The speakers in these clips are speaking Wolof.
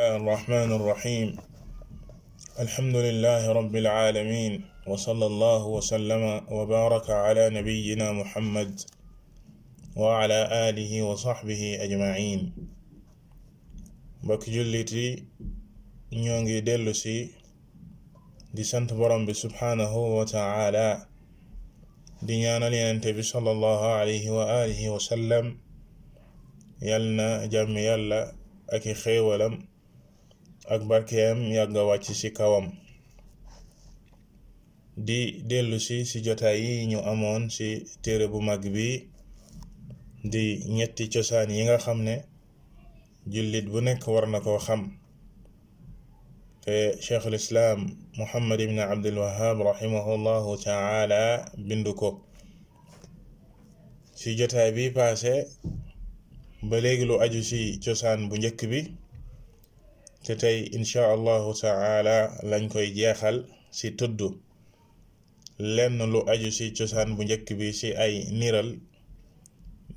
الرحمن الرحيم الحمد لله رب العالمين وصلى الله وسلم وبارك على نبينا محمد وعلى آله وصحبه أجمعين mbokk jullit yi ñoo ngi dellu si di sant borom bi subhaanahu wa ta'ala di ñaanal yenente bi sallallahu alayhi wa alihi wa sallam yal na jàmm yàlla ak i xéewalam ak barkeem yàgg nga wàcc ci kawam di dellusi ci jotaay yi ñu amoon ci téere bu mag bi di ñetti cosaan yi nga xam ne jullit bu nekk war na koo xam te cheikhul islaam muhammad ibn abdul wahab rahimahullahu taala bindu ko ci jotaay bi paase ba léegi lu aju ci cosaan bu njëkk bi te tey incha allahu ta'ala lañ koy jeexal ci tudd lenn lu aju ci cosaan bu njëkk bi ci ay niral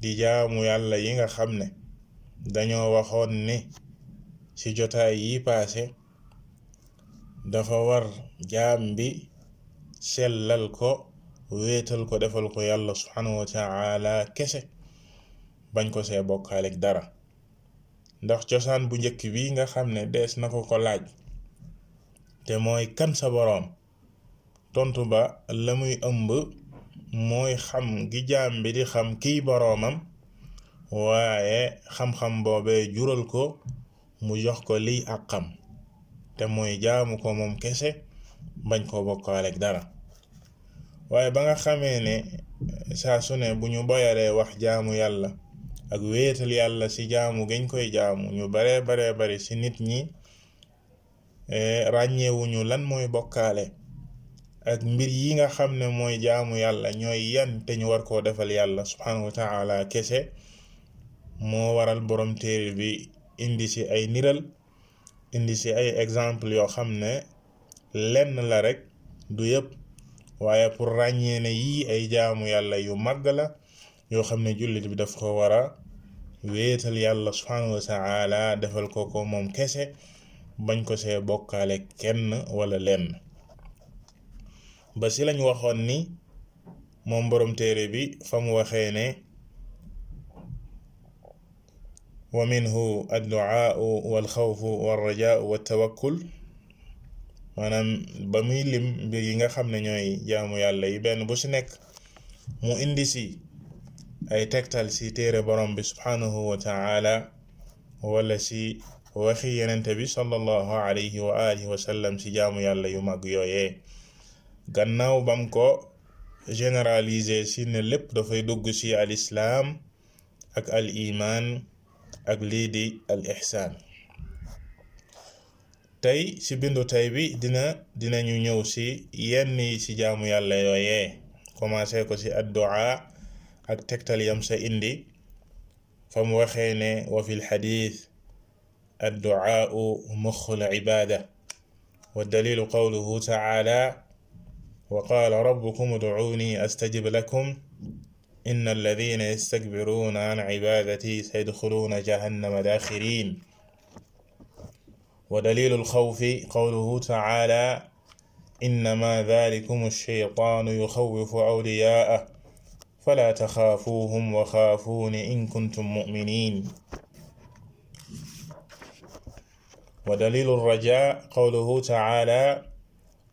di jaamu yàlla yi nga xam ne dañoo waxoon ni ci jotaay yi paase dafa war jaam bi sellal ko weetal ko defal ko yàlla subhanahu wa ta'ala kese bañ ko see bokkaaleek dara ndax cosaan bu njëkk bi nga xam ne dees na ko ko laaj te mooy kan sa boroom tontu ba la muy ëmb mooy xam gi jaam bi di xam kiy boroomam waaye xam-xam boobee jural ko mu jox ko liy ak xam te mooy jaamu ko moom kese bañ ko bokkaale dara waaye ba nga xamee ne saa su ne bu ñu boyalee wax jaamu yàlla ak wéetal yàlla si jaamu gañ koy jaamu ñu bare bare bari si nit ñi eh, ràññeewuñu lan mooy bokkaale ak mbir yi nga xam ne mooy jaamu yàlla ñooy yan te ñu war koo defal yàlla subhanahu wa kese moo waral borom téere bi indi si ay niral indi si ay exemple yoo xam ne lenn la rek du yëpp waaye pour ràññee ne yii ay jaamu yàlla yu màgg la yoo xam ne jullit bi daf ko war a wéetal yàlla subhaanahu wa taala defal ko ko moom kese bañ ko see bokkaale kenn wala lenn ba si lañ waxoon ni moom boroom téere bi fa mu waxee ne wa minhu adduaau walxawfu walrajaau waltawakkul maanaam ba muy lim mbir yi nga xam ne ñooy jaamu yàlla yi benn bu si nekk mu indi si ay tegtal ci téere borom bi subhanahu wa ta'ala wala ci waxi yenente bi sallallahu ci jaamu yàlla yu mag yooyee gannaaw bam ko généraliser ci ne lépp dafay dugg ci al ak al ak lii di al ci bindu tey bi dina dinañu ñëw ci yenn ci jaamu yàlla yooyee commencé ko ci addu'a ak tegtal yam sa indi fa mu waxee ne wa fi lxadith adduaau muxu lcibaada wa dalilu qawluhu taala wa qaala rabbukum udcuuni astajib lakum in alladina yastakbiruuna an cibaadati sayadxuluuna jahannama daaxirin wa dalilu lxawfi qawluhu taala innama dalikum alsheytaanu yuxawifu awliyaa'ah فلا تخافوهم وخافون إن كنتم مؤمنين ودليل الرجاء قوله تعالى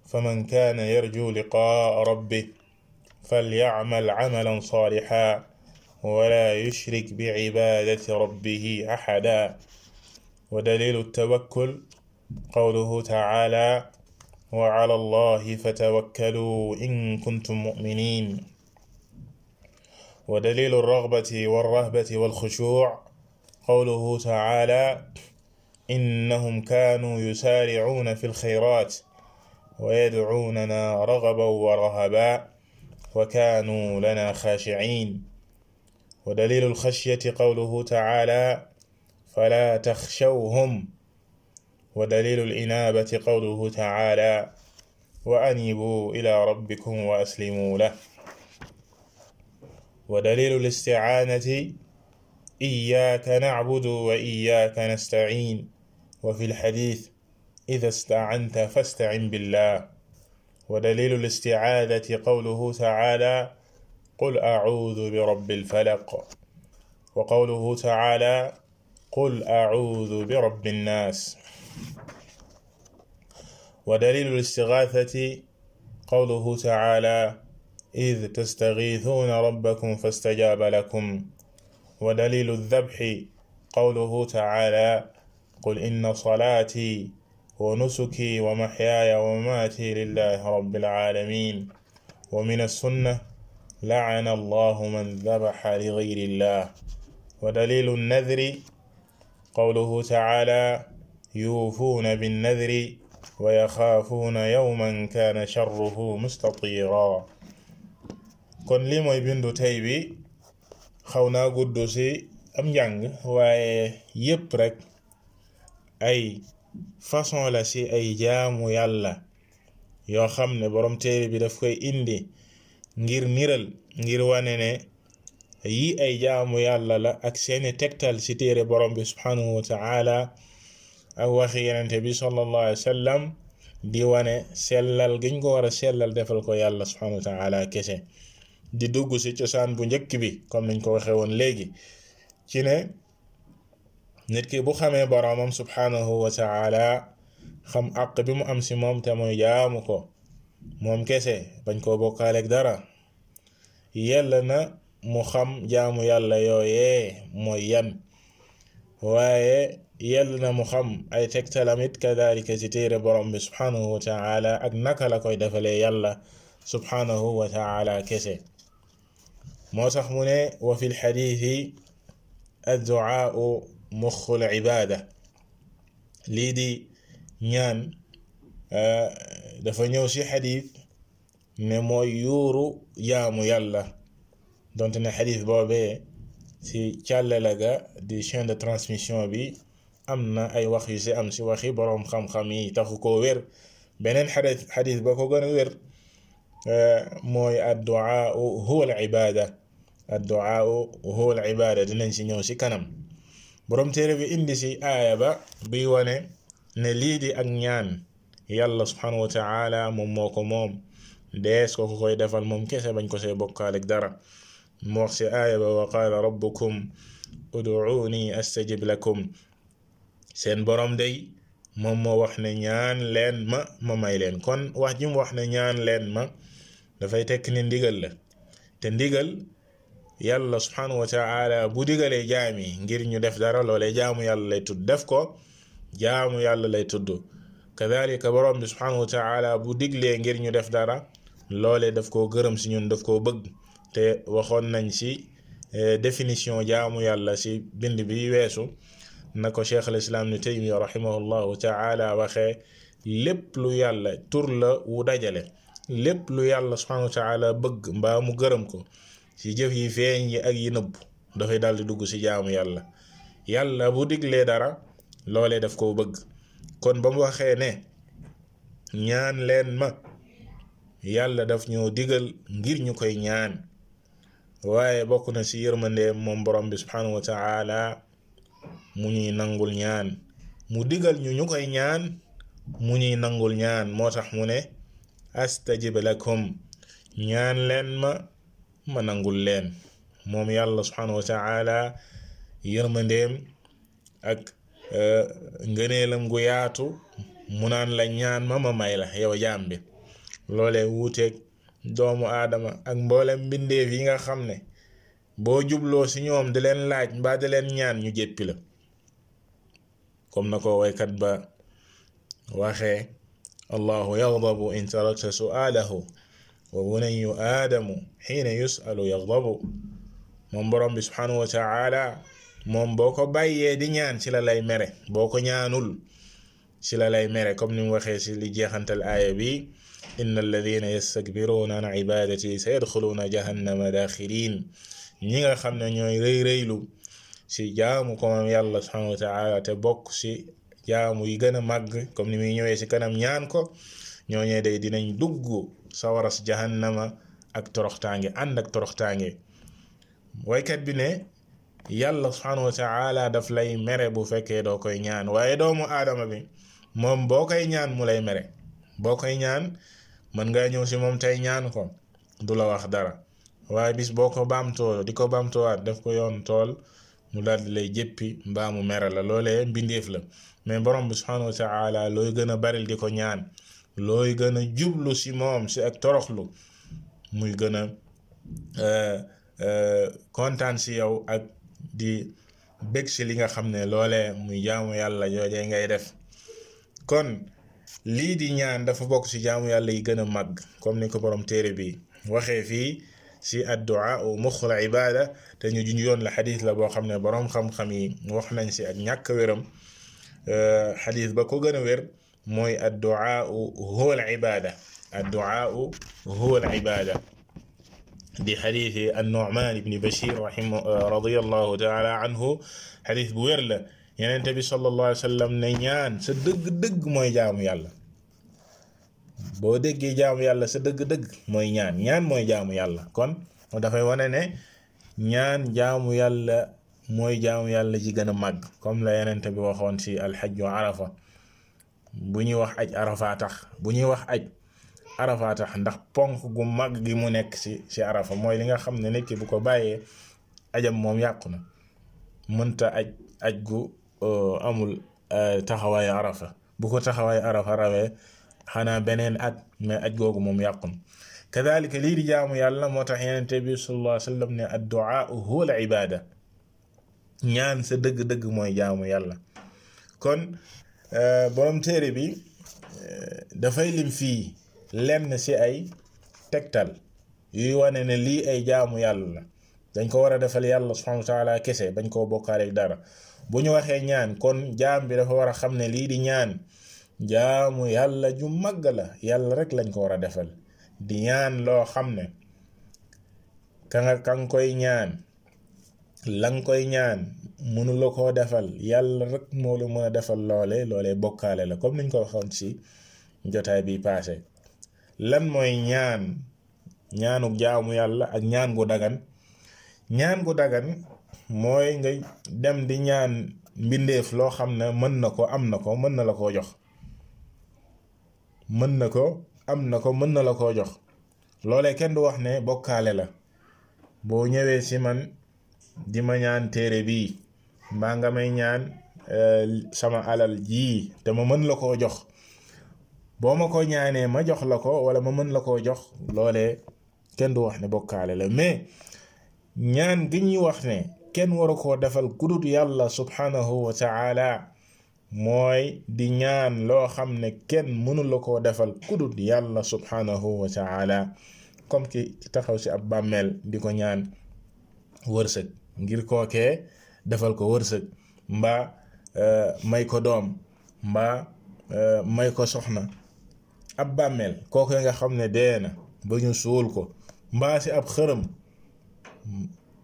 فمن كان يرجو لقاء ربه فليعمل عملا صالحا ولا يشرك بعبادة ربه أحدا ودليل التوكل قوله تعالى وعلى الله فتوكلوا إن كنتم مؤمنين wa dalilu alragbati walrahbati walxushuuc qawluhu tacaala innahum kaanuu yusaaricuuna fi lxayraat wa yadcuunana ragaban wa rahaba wa kaanuu lana xaashiciin wa dalilu alxashyati qawluhu tacaala falaa taxshawhum wa dalilu alinaabati qawluhu tacaala wa aniibuu ilaa rabbikum wa aslimuu lah wa dalilu listi'aanati iyyaaka na'budu wa iyyaaka nasta'iin wa fil hadiis idaa ista'anta fasta'in billah wa dalilu listi'aadati qawluhu ta'aalaa qul a'uudu birabbil falaq wa qawluhu ta'aalaa qul a'uudu birabbin naas wa dalilu listighaasati qawluhu ta'aalaa إذ تستغيثون ربكم فاستجاب لكم ودليل الذبح قوله تعالى قل إن صلاتي ونسكي ومحياي ومماتي لله رب العالمين ومن السنة لعن الله من ذبح لغير الله ودليل النذر قوله تعالى يوفون بالنذر ويخافون يوما كان شره مستطيرا kon lii mooy bindu tey bi xaw naa gudd ci am njàng waaye yépp rekk ay façon la ci ay jaamu yàlla yoo xam ne borom téere bi daf koy indi ngir niral ngir wane ne yii ay jaamu yàlla la ak seeni tegtal ci téere borom bi subhanahu wa ak waxi yenente bi sallallahu alayhi wa sallam di wane sellal giñ ko war a sellal defal ko yàlla subhanahu wa kese di dugg ci cosaan bu njëkk bi comme niñ ko waxee woon léegi ci ne nit ki bu xamee boroomam subhaanahu wa taala xam àq bi mu am ci moom te mooy jaamu ko moom kese bañ koo bokkaaleeg dara yàlla na mu xam jaamu yàlla yooyee mooy yan waaye yàlla na mu xam ay tegtalamit kadalika ci téere borom bi subhaanahu wa taala ak naka la koy defalee yàlla subhaanahu wa taala kese moo tax mu ne wa fi lxadiisi adduaau muxul ibaada lii di ñaan euh, dafa ñëw si xadiis ne mooy yuuru yaamu yàlla dont ne xadiis boobe si càllala ga di chaîne de transmission bi am na ay wax yu si am si waxi boroom xam-xam yi taxu ko wér beneen xadiis ba ko gën a wér mooy addu'a huwa al ibada addu'a huwa dinañ si ñëw si kanam borom téere bi indi si aaya ba wane ne lii di ak ñaan yàlla subhanahu moom moo ko moom defal moom kese bañ ko see bokkaalek dara mu wax si aaya ba wa qaala rabbukum moom wax ne leen ma ma may leen kon wax ji mu wax ne ñaan leen ma dafay tekk ni ndigal la te ndigal yàlla subhanahu wa bu digalee jaam yi ngir ñu def dara loole jaamu yàlla lay tudd def ko jaamu yàlla lay tudd kadalika borom bi subhanahu wa bu diglee ngir ñu def dara loole daf koo gërëm si ñun daf koo bëgg te waxoon nañ si e, définition jaamu yàlla si bind bi weesu na ko cheikh al islam ni taymiya rahimahullahu taala waxee lépp lu yàlla turla wu dajale lépp lu yàlla subhanahu bëgg mbaa mu gërëm ko ci jëf yi feeñ yi ak yi nëbb dafay daldi dugg ci jaamu yàlla yàlla bu diglee dara loolee daf koo bëgg kon ba mu waxee ne ñaan leen ma yàlla daf ñoo digal ngir ñu koy ñaan waaye bokk na ci yërmandeem moom borom bi subhanahu wa mu ñuy nangul ñaan mu digal ñu ñu koy ñaan mu ñuy nangul ñaan moo tax mu ne astajib lakum ñaan leen ma ma nangul leen moom yàlla subhanahu wa taala yërmandeem ak euh, ngëneelam gu yaatu mu naan la ñaan ma ma may la yow jaam bi loolee wuuteeg doomu aadama ak mboolem mbindeef yi nga xam ne boo jubloo ci ñoom di leen laaj mbaa di leen ñaan ñu jéppi la comme na ko waykat ba waxee الله يغضب إن تركت سؤاله وبني آدم حين يسأل يغضب moom borom bi subhanahu wa taala moom boo ko bàyyee di ñaan ci la lay mere boo ko ñaanul ci la lay mere comme ni mu waxee ci li jeexantal aaya bi inna alladina yastakbiruuna an ibadati sa yadxuluuna jahannama daaxiriin ñi nga xam ne ñooy rëy rëylu ci jaamu ko moom yàlla subhanahu wa taala te bokk ci jaamu yi gën a màgg comme ni muy ñëwee ci kanam ñaan ko ñooñee day dinañ dugg sawaras jahannama ak toroxtaange ànd ak toroxtaange waykat bi ne yàlla subhanahu wa taala daf lay mere bu fekkee doo koy ñaan waaye doomu aadama bi moom boo koy ñaan mu lay mere boo koy ñaan mën ngaa ñëw si moom tey ñaan ko du la wax dara waaye bis boo ko baamtoo di ko baamtoowaat daf ko yoon tool mu dal di lay jéppi mbaamu mere la loole mbindeef la mais borom bi subhanahu wa looy gën a baril di ko ñaan looy gën a jublu si moom si ak toroxlu muy gën a euh, euh, kontaan si yow ak di bég si li nga xam ne loole muy jaamu yàlla joojee ngay def kon lii di ñaan dafa bokk si jaamu yàlla yi gën a màgg comme ni ko borom téere bi waxee fii si addu'a u muxul ibada te ñu junjoon la xadis la boo xam ne borom xam-xam yi wax nañ si ak ñàkk wéram xadis ba ko gën a wér mooy adduaa huwa al ibada adduaa huwa al ibada di xadisi an-Nu'man ibn Bashir rahimahu radiyallahu taala anhu xadis bu wér la Yonent bi sallallahu alayhi wa sallam ne ñaan sa dëgg-dëgg mooy jaamu yàlla boo déggee jaamu yàlla sa dëgg-dëgg mooy ñaan ñaan mooy jaamu yàlla kon dafay wane ne ñaan jaamu yàlla mooy jaamu yàlla ji gën a màgg comme la yenent bi waxoon ci alxajju arafa bu ñuy wax aj arafa bu ñuy wax aj arafa tax ndax ponk gu màgg gi mu nekk si ci arafa mooy li nga xam ne nit ki bu ko bàyyee ajam moom yàqu na mënta aj aj gu euh, amul euh, taxawaayu arafa bu ko taxawaayu arafa rawee xanaa beneen at mais aj googu moom yàqu na kadalika lii jaamu yàlla moo tax yenente bi sallallahu alayhi wa sallam ne adduaa huwa al ibada ñaan sa dëgg-dëgg mooy jaamu yàlla kon euh, borom téere bi euh, dafay lim fii lenn si ay tegtal yuy wane ne lii ay jaamu yàlla la dañ ko war a defal yàlla subhanahu wa kese bañ koo bokkaale ak dara bu ñu waxee ñaan kon jaam bi dafa war a xam ne lii di ñaan jaamu yàlla ju màgg la yàlla rek lañ ko war a defal di ñaan loo xam ne ka nga ka koy ñaan la koy ñaan mënula koo defal yàlla rek moo lu mën a defal loole loole bokkaale la comme niñ ko waxoon si jotaay bii paase lan mooy ñaan ñaanu jaamu yàlla ak ñaan gu dagan ñaan gu dagan mooy nga dem di ñaan mbindeef loo xam ne mën na ko am na ko mën na la koo jox mën na ko am na ko mën na la koo jox loole kenn du wax ne bokkaale la boo ñëwee ci man di ma ñaan téere bi mbaa nga may ñaan eh, sama alal jii te ma mën la koo jox boo ma ko ñaanee ma jox la ko wala ma mën la koo jox loole kenn du wax ne bokkaale la mais ñaan gi ñuy wax ne kenn waru koo defal kudut yàlla subhanahu wa taala mooy di ñaan loo xam ne kenn mënu la koo defal kudut yàlla subhanahu wa taala comme ki taxaw si ab bàmmeel di ko ñaan wërsëg ngir kookee defal ko wërsëg mbaa euh, may ko doom mbaa euh, may ko soxna ab bàmmeel kooke nga xam ne dee na ba ñu suul ko mbaa si ab xërëm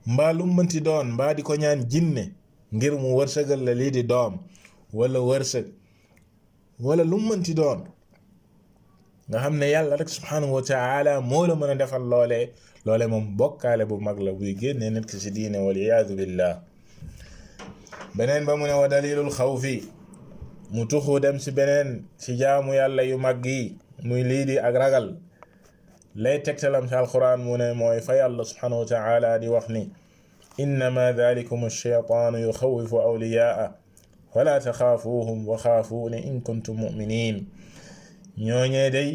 mbaa lu mënti doon mbaa di ko ñaan jinne ngir mu wërsëgal la lii di doom walla wërsëg walla lu mënti doon nga xam ne yàlla rek subhanahu wa taala moo la mën a defal loolee loole moom bokkaale bu mag la buy génnee nit ki si diine wal iyaadu billah beneen ba mu wa dalilul xawfi mu tuxu dem si beneen si jaamu yàlla yu mag yi muy lii di ak ragal lay tegtalam si alquran mu ne mooy fa yàlla wa taala di wax ni innama dalikum alcheytaanu yuxawifu awliyaa fala taxaafuuhum wa xaafuuni in kuntum muminin ñooñee day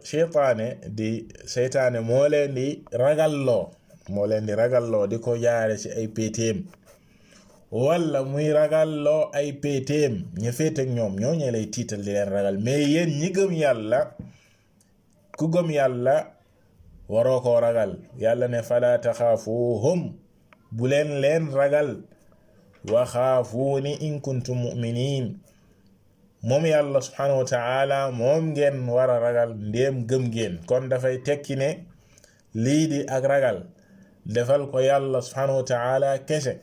seytaane di seytaane moo leen di ragalloo moo leen di ragalloo di ko jaare ci ay péetéem walla muy ragalloo ay péetéem ñu féete ñoom ñooñee lay tiital di leen ragal mais yéen ñi gëm yàlla ku gëm yàlla waroo ko ragal yàlla ne fala taxaafuuhum bu leen leen ragal wa xaafuuni in kuntum mu'miniin moom yàlla subhanahu wa taala moom ngeen war a ragal ndéem gëm ngeen kon dafay tekki ne lii di ak ragal defal ko yàlla subhanahu wa taala kese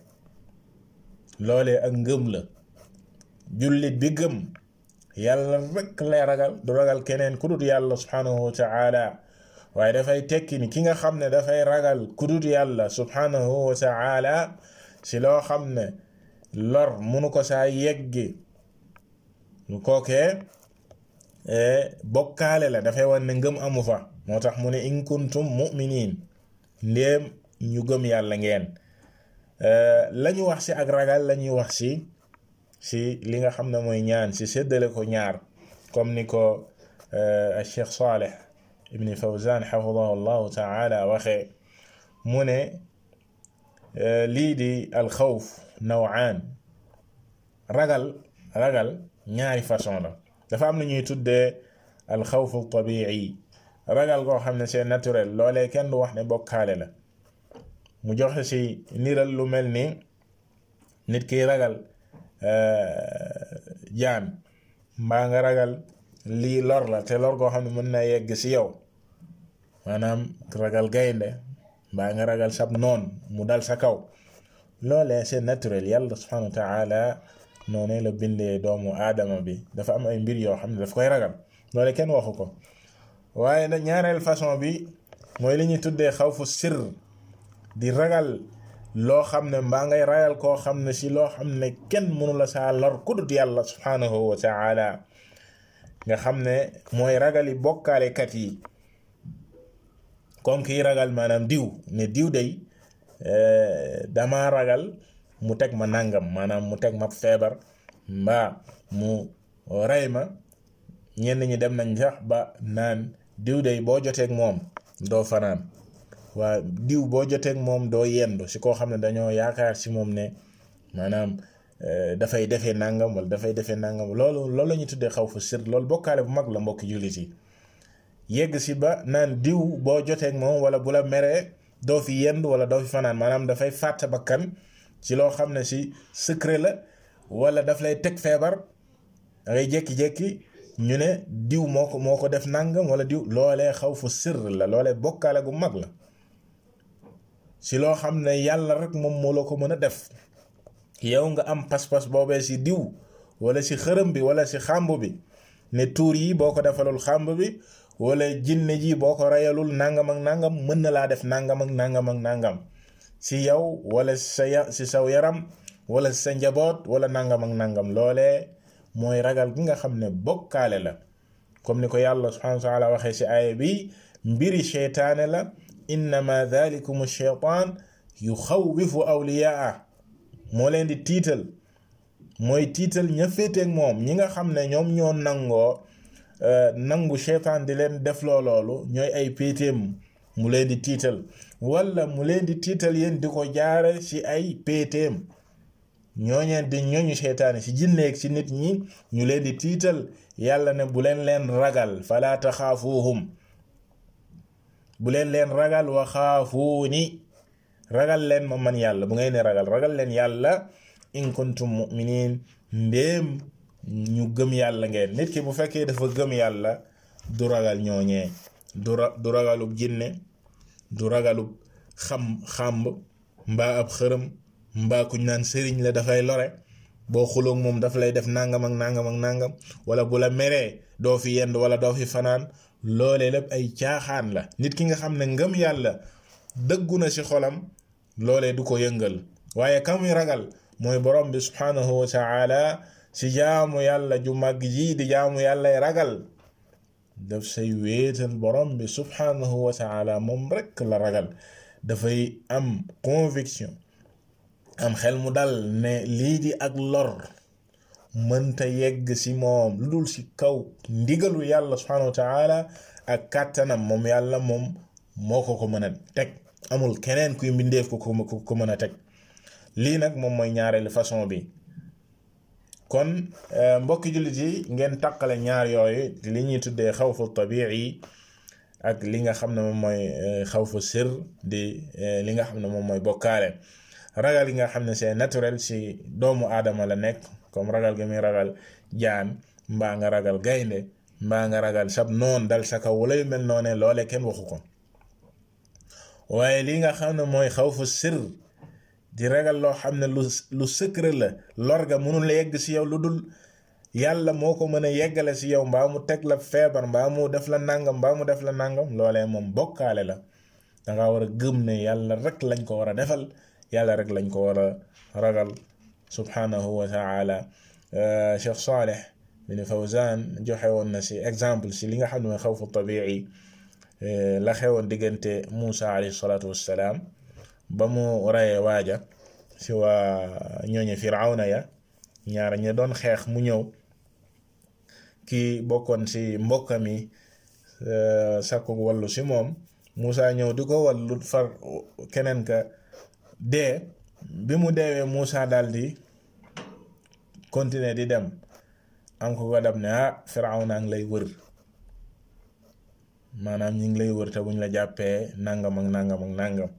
loole ak ngëm la jullit bi gëm yàlla rek lay ragal du ragal keneen ku dut yàlla subhanahu wa taala waaye dafay tekki ki nga xam ne dafay ragal ku dut yàlla subhanahu wa taala si loo xam ne lor munu ko saa yeggi kookee eh, bokkaale la dafay wan ne ngëm amu fa moo tax mu ne in kuntum mu'minin ndéem ñu gëm yàlla ngeen eh, la ñu wax si ak ragal la ñuy wax si si li nga xam ne mooy ñaan si séddale ko ñaar comme ni ko eh, Cheikh Saleh ibni Fawzan xafidahu llahu taala waxee mu ne lii di alxawf nawaan ragal ragal ñaari façon la dafa am lu ñuy tuddee alxawfu tabii ragal goo xam ne c'est naturel loole kenn du wax ne bokkaale la mu joxe si niral lu mel ni nit ki ragal euh, jaan mbaa nga ragal lii lor la te lor goo xam ne mën na yegg si yow maanaam ragal gaynde mbaa nga ragal sab noon mu dal sa kaw loolee c'est naturel yàlla subhanahu taala noonee la bindee doomu aadama bi dafa am ay mbir yoo xam ne daf koy ragal loole kenn waxu ko waaye nag ñaareel façon bi mooy li ñuy tuddee xaw fu sir di ragal loo xam ne mbaa ngay rayal koo xam ne si loo xam ne kenn mënu la saa lor ku dut nga xam ne mooy ragali bokkaalekat yi kon kiy ragal maanaam diw ne diw day eh, dama ragal mu teg ma nangam maanaam mu teg ma feebar mbaa mu rey ma ñenn ñi dem nañ sax ba naan diw day boo joteek moom doo fanaan waa diw boo joteeg moom doo yendu si koo xam ne dañoo yaakaar si moom ne maanaam eh, dafay defee nangam wala dafay defee nangam loolu loolu la ñuy tuddee xaw fa sir loolu bokkaale bu mag la mbokki jullit yi yegg si ba naan diw boo joteeg moom wala bu la meree doo fi yendu wala doo fi fanaan maanaam dafay fàtte bakkan ci loo xam ne si secret la wala daf lay teg feebar dangay ngay jékki ñu ne diw moo ko moo ko def nangam wala diw loole xaw fu sirr la loole bokkaale gu mag la si loo xam ne yàlla rek moom moo la ko mën a def yow nga am pas-pas boobee si diw wala si xërëm bi wala si xàmb bi ne tuur yi boo ko defalul xàmb bi wala jinne ji boo ko reyalul nangam ak nangam mën na laa def nangam ak nangam ak nangam. si yow wala sa ya si saw yaram wala sa njaboot wala nangam ak nangam loole mooy ragal gi nga xam ne bokkaale la comme ni ko yàlla subhanahu wa waxee si aaya bi mbiri cheytaane la innama dalikum cheytaan yuxawwifu awliyaa moo leen di tiital mooy tiital ña féeteeg moom ñi nga xam ne ñoom ñoo nangoo euh, nangu cheytaan di leen def loo loolu ñooy ay péeteem mu leen di tiital walla mu leen di tiital yéen di ko jaare ci ay péeteem ñooñeen di ñooñu seytaane ci jinneeg ci nit ñi ñu leen di tiital yàlla ne bu leen leen ragal falaa taxaafuuhum bu leen leen ragal wa xaafuuni ragal leen ma man yàlla bu ngay ne ragal ragal leen yàlla in kuntum mu'minin ndéem ñu gëm yàlla ngeen nit ki bu fekkee dafa gëm yàlla du ragal ñooñee du ragalub jinne du ragalub xam xàmb mbaa ab xërëm mbaa kuñ naan sëriñ la dafay lore boo xuloog moom daf lay def nangam ak nangam ak nangam wala bu la meree doo fi yend wala doo fi fanaan loole lépp ay caaxaan la nit ki nga xam ne ngëm yàlla dëggu na si xolam loole du ko yëngal waaye ka muy ragal mooy borom bi subhanahu wa taala jaamu yàlla ju màgg ji di jaamu yàllay ragal dafay wéetal borom bi subxanahu wa moom rekk la ragal dafay am conviction am xel mu dal ne lii di ak lor mënta yegg si moom lu dul ci kaw ndigalu yàlla subxanahu wa ak kàttanam moom yàlla moom moo ko ko mën a teg amul keneen kuy mbindeef ko ko ko mën a teg lii nag moom mooy ñaareelu façon bi. kon eh, mbokki jullit yi ngeen takkale ñaar yooyu li ñuy tuddee xawfu tabi'i ak li nga xam ne moom mooy eh, xawfu sir di eh, li nga xam ne moom mooy bokkaale ragal yi nga xam ne c'est naturel si doomu aadama la nekk comme ragal gi muy ragal jaan mbaa nga ragal gaynde mbaa nga ragal sab noon dal sa kaw wala yu mel noonee loole kenn waxu ko waaye li nga xam ne mooy xawfu sir di ragal loo xam ne lu lu secret la lor ga mënul la yegg ci yow lu dul yàlla moo ko mën a yeggale ci yow mbaa mu teg la feebar mbaa mu def la nàngam mbaa mu def la nàngam loolee moom bokkaale la danga war a gëm ne yàlla rek lañ ko war a defal yàlla rek lañ ko war a ragal subhanahu wa taala euh, Cheikh Saleh bin Fawzan joxe woon na ci exemple ci li nga xam ne mooy xawfu tabii euh, la xewoon diggante Muusa alayhi salaatu salaam ba mu reyee waaja si waa ñooñu firawna ya ñaar ña doon xeex mu ñëw ki bokkoon si mbokkam yi euh, sàkku wallu si moom Moussa ñëw di ko wallu far keneen ka dee bi mu deewee Moussa daal di continuer di dem am ko ko dab ne ah, firawna ngi lay wër maanaam ñi ngi lay wër te buñ la jàppee nangam ak nangam nangam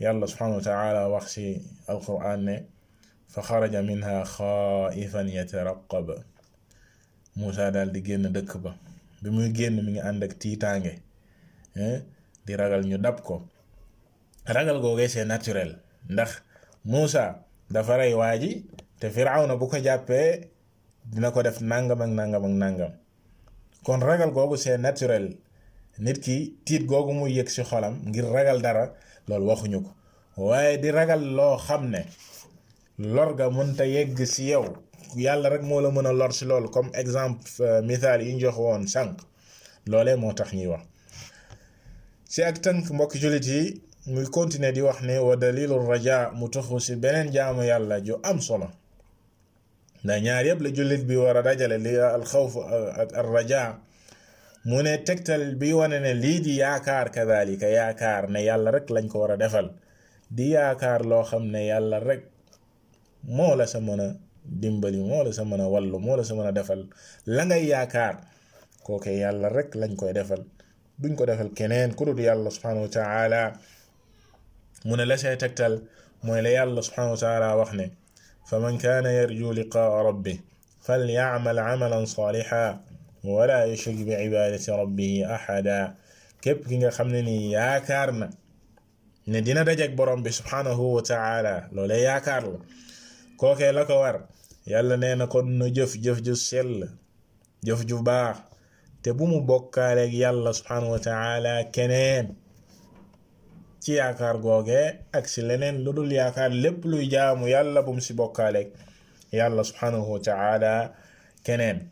yàlla subhanahu wa taala wax ci alquran ne fa xaraja minha xaaifan yataraqab Moussa daal di génn dëkk ba bi muy génn mi ngi ànd ak tiitaange di ragal ñu dab ko ragal googee see naturel ndax Moussa dafa rey waa ji te na bu ko jàppee dina ko def nangam ak nangam ak nangam kon ragal googu c'est naturel nit ki tiit googu muy yëg ci xolam ngir ragal dara loolu waxuñu ko waaye di ragal loo xam ne lor ga te yegg si yow yàlla rek moo la mën a lor si loolu comme exemple euh, misaal yi ñu jox woon sànq loolee moo tax ñuy wax si ak tënk mbokki jullit yi muy continuer di wax ne wa dalilu raja mu toxu si beneen jaamu yàlla ju am solo ndax ñaar yëpp la jullit bi war a dajale li alxawf euh, ak ar raja mu ne tegtal bi wane ne lii di yaakaar kadalika yaakaar ne yàlla rek lañ ko war a defal di yaakaar loo xam ne yàlla rek moo la sa mën dimbali moo la sa mën a wallu moo la sa mën a defal la ngay yaakaar kooke yàlla rek lañ koy defal duñ ko defal keneen ku dul yàlla subhanahu wa taala ne la say tegtal mooy la yàlla wax ne fa man kaana yarju liqaa rabbi fal yaamal amalan saaliha wala yushrik bi ibadati rabbihi ahada képp ki nga xam ne nii yaakaar na ne dina dajek borom bi subhanahu wa taala loolee yaakaar la kookee la ko war yàlla nee na kon na jëf jëf ju sell jëf ju baax te bu mu bokkaaleeg yàlla subhanahu wa taala keneen ci yaakaar googee ak si leneen lu dul yaakaar lépp luy jaamu yàlla bu mu si bokkaaleeg yàlla subhanahu wa taala keneen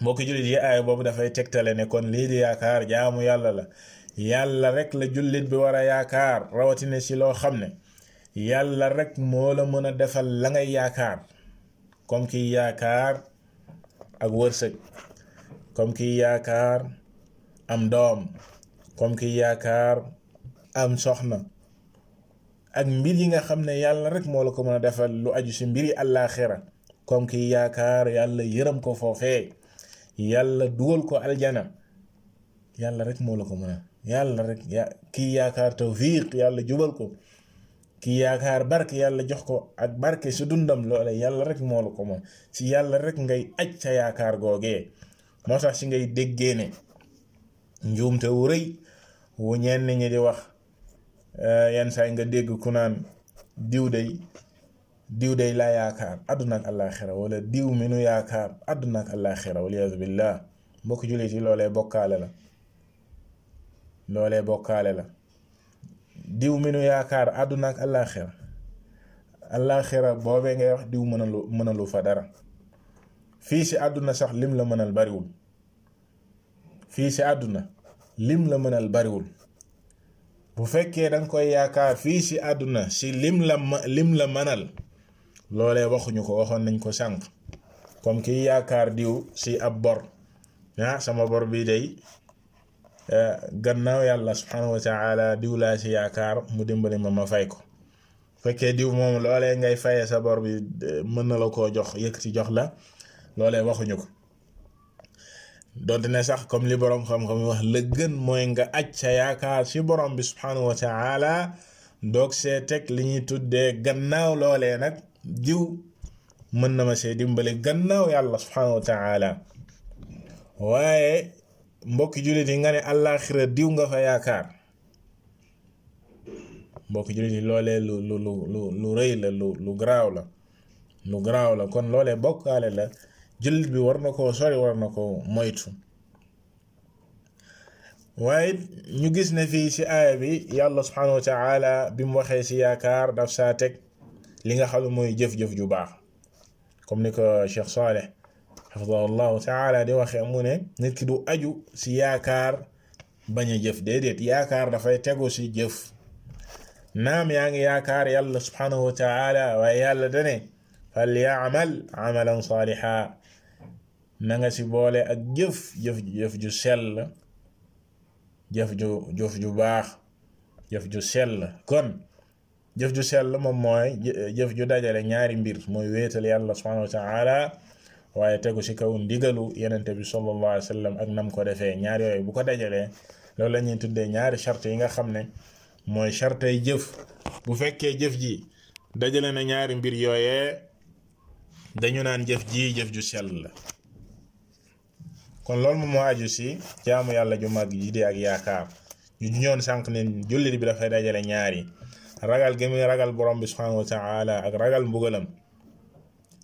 mbokki jullit yi aaya boobu dafay tegtale ne kon lii di yaakaar jaamu yàlla la yàlla rek la jullit bi war a yaakaar rawatina si loo xam ne yàlla rek moo la mën a defal la ngay yaakaar comme kiy yaakaar ak wërsëg comme kiy yaakaar am doom comme kiy yaakaar am soxna ak mbir yi nga xam ne yàlla rek moo la ko mën a defal lu aju ci mbiri àllaaxira kom ki yaakaar yàlla yërëm ko foofee yàlla dugal ko aljana yàlla rek moo la ko mën a yàlla rek ya kii yaakaar tawfiq yàlla jubal ko kii yaakaar barke yàlla jox ko ak barke su dundam loole yàlla rek moo la ko moom si yàlla rek ngay aj sa yaakaar googee moo tax si ngay déggee ne njuumte wu rëy wu ñenn ñi di wax eh, yenn saay nga dégg ku naan diw yi diw day yaakaar àdduna ak àllaaxira wala diw mi nu yaakaar àdduna ak àllaaxira waliyaasu billaah la loolee bokkaale la diw mi nu yaakaar àdduna ak àllaaxira àllaaxira boobee ngay wax diw mënalu mënalu fa dara fii si àdduna sax lim la mënal bariwul fii si àdduna lim la mënal bariwul bu fekkee danga koy yaakaar fii si àdduna si lim la lim la mënal loolee waxuñu ko waxoon nañ ko sànq comme kiy yaakaar diw si ab bor ah, sama bor bii day eh, gannaaw yàlla subhanahu wa taala diw laa si yaakaar mu dimbali ma ma fay ko fekkee diw moom loolee ngay faye sa bor bi eh, mën na la ko jox ci jox la loolee waxuñu ko donte ne sax comme li boroom xam-xam wax la gën mooy nga aj sa yaakaar si borom bi subhanahu wa taala doog see teg li ñuy tuddee gannaaw loolee nag diw mën na ma see dimbale gannaaw yàlla subhanahu wa taala waaye mbokki jullit yi nga ne diw nga fa yaakaar mbokki jullit yi loolee lu garaaw la lu garaaw la kon loolee bokkaale la jullit bi war na koo sori moytu waaye ñu gis ne fii si aaya bi yàlla subhanahu wa taala bi mu waxee si yaakaar daf saa teg li nga xam ne mooy jëf-jëf ju baax comme ni ko Cheikh Saleh xafidahullahu taala di waxee mu ne nit ki du aju si yaakaar bañ a jëf déedéet yaakaar dafay tegu si jëf naam yaa ngi yaakaar yàlla subhanahu wa taala yàlla dane fal yaamal amalan saaliha na nga si boole ak jëf jëf jëf ju sell jëf ju jëf ju baax jëf ju sell kon jëf ju sell moom mooy jëf ju dajale ñaari mbir mooy wéetal yàlla subhanahu wa taala waaye tegu si kaw ndigalu yenente bi sallallahu alayhi wa ak nam ko defee ñaar yooyu bu ko dajalee loolu la ñuy tuddee ñaari charte yi nga xam ne mooy charte yi jëf bu fekkee jëf ji dajale na ñaari mbir yooyee dañu naan jëf ji jëf ju sell la kon loolu moom moo aju ci jaamu yàlla ju mag ji de ak yaakaar ñu ñoon sànq ne jullit bi dafay dajale ñaari ragal gi muy ragal borom bi subhanahu wa taala ak ragal mbugalam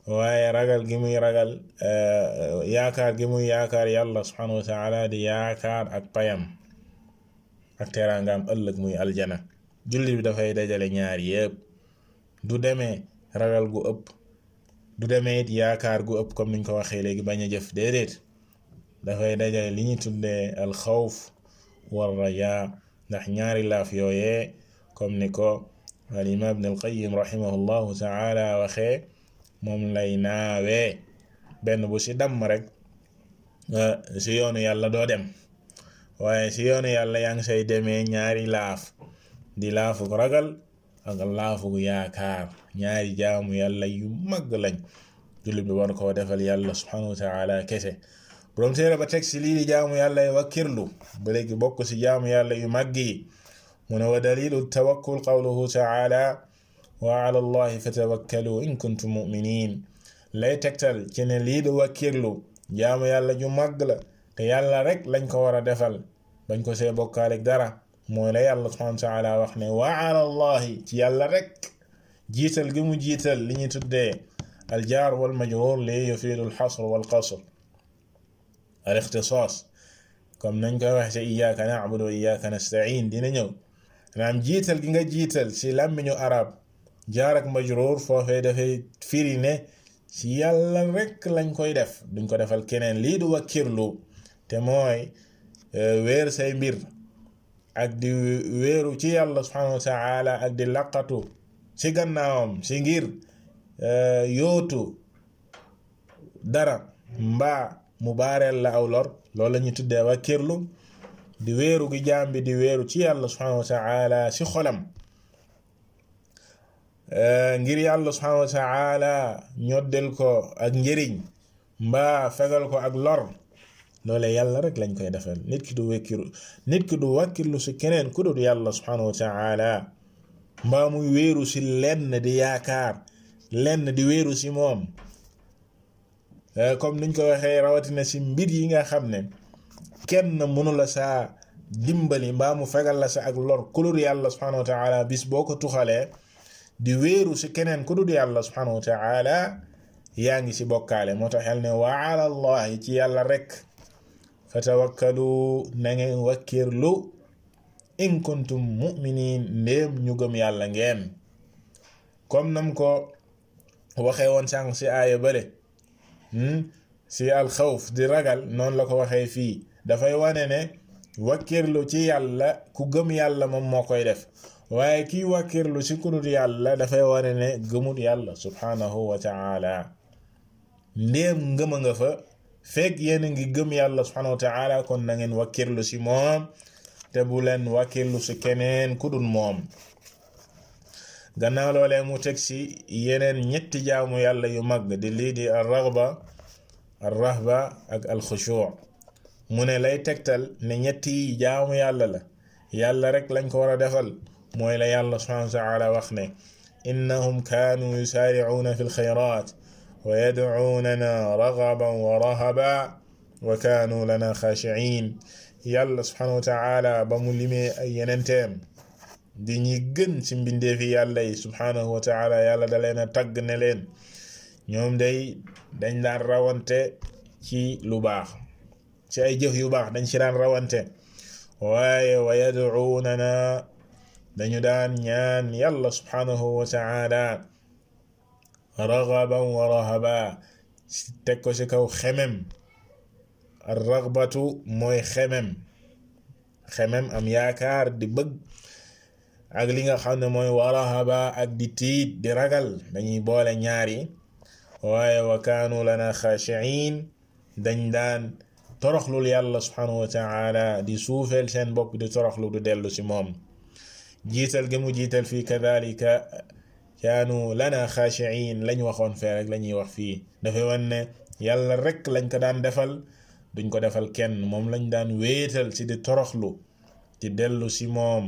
waaye ragal gi muy ragal eh, yaakaar gi muy yaakaar yàlla subhanahu wa di yaakaar ak payam ak teraangam ëllëg muy aljana jullit bi dafay dajale ñaar yépp du demee ragal gu ëpp du demee it yaakaar gu ëpp comme niñ ko waxee léegi bañ a jëf déedéet dafay dajale li ñu tuddee alxawf war raja ndax ñaari laaf yooyee comme ni ko al imaam ibn al qayyim rahimahullahu taala waxee moom lay naawee benn bu ci damm rek si yoonu yàlla doo dem waaye si yoonu yàlla yaa ngi say demee ñaari laaf di laafu ragal ak laafu yaakaar ñaari jaamu yàlla yu mag lañ jullit bi war koo defal yàlla subhanahu wa kese borom téere ba teg ci lii di jaamu yàlla yu màgg yi mu ne wa dalilu tawakkul qawluhu taala wa ala allahi fatawakkalu in kuntum muminin lay tegtal ci ne lii di wakkirlu jaamu yàlla ju màgg la te yàlla rek lañ ko war a defal bañ ko see bokkaaleeg dara mooy la yàlla subhanahu taala wax ne wa ala allahi ci yàlla rek jiital gi mu jiital li ñuy tuddee aljaar walmajruur li yufiidu alxasr walqasr al ixtisaas comme nañ koy wax ci iyaaka nacbudu wa iyaaka nastain dina ñëw maanaam jiital gi nga jiital ci làmmiñu arab jaar ak majruur foofee dafay firi ne ci yàlla rekk lañ koy def duñ ko defal keneen lii du wakkirlu te mooy e, weer say mbir ak di weeru ci yàlla subhanahu ak di laqatu ci gannaawam ci ngir e, yootu dara mbaa mu baareel la aw lor loolu la ñu tuddee wakkirlu di weeru gi jaam bi di weeru ci yàlla subhanahu wa si ci xolam eh, ngir yàlla subhanahu wa ta'ala ñoddel ko ak njëriñ mbaa fegal ko ak lor loole yàlla rek lañ koy defal nit ki du wekkiru nit ki du wàkkirlu ci keneen ku dul yàlla subhanahu wa ta'ala mbaa muy wéeru ci lenn di yaakaar lenn di wéeru si moom eh, comme niñ ko waxee rawatina si mbir yi nga xam ne kenn mënula la saa dimbali mbaa mu fegal la sa ak lor kulur yàlla subhanahu wa taala bis boo ko tuxalee di wéeru si keneen ku dul yàlla subhanahu wa taala yaa ngi si bokkaale moo tax xel ne wa ala ci yàlla rek fa tawakkalu na ngeen wakkirlu in kuntum muminin ndéem ñu gëm yàlla ngeen comme nam ko waxee woon sànq si aaya bële hmm, si alxawf di ragal noonu la ko waxee fii dafay wane ne wàkkirlu ci yàlla ku gëm yàlla moom moo koy def waaye kiy wàkkirlu ci kudut yàlla dafay wane ne gëmut yàlla subhanahu wa taala ndéem ngëm a nga fa fekk yéen ngi gëm yàlla subhanahu wa taala kon na ngeen ci moom te bu leen wàkkirlu ci keneen kudul moom gannaaw loolee mu teg ci yeneen ñetti jaamu yàlla yu mag di lii di al raghba ak al mu ne lay tegtal ne ñett yi jaamu yàlla la yàlla rek lañ ko war a defal mooy la yàlla subhaanahu wa taala wax ne innahum kaanuu yusaaricuuna fi alxayraat wa yadcuunana ragaban wa rahaba wa kaanuu lana xaashiciin yàlla subhaanahu wa taala ba mu limee ay yenenteem di ñi gën mbindeefi yàlla yi subhaanahu wa taala yàlla da leen a tagg ne leen ñoom day dañ daan rawante ci lu baax ci ay jëf yu baax dañ ci daan rawante waaye wa yad'uunana dañu daan ñaan yàlla subhanahu wa ta'ala ragaban wa rahaba teg ko ci kaw xemem ragbatu mooy xemem xemem am yaakaar di bëgg ak li nga xam ne mooy warahaba ak di tiit di ragal dañuy boole ñaari waaye wa kaanu lana xaashiin dañ daan toroxlul yàlla subhanahu wa di suufeel seen bopp di toroxlu du dellu si moom jiital gi mu jiital fii kadalika kaanu lana xaashiin lañ waxoon fee rek la ñuy wax fii dafay wan ne yàlla rek lañ ko daan defal duñ ko defal kenn moom lañ daan wéetal ci di toroxlu di dellu si moom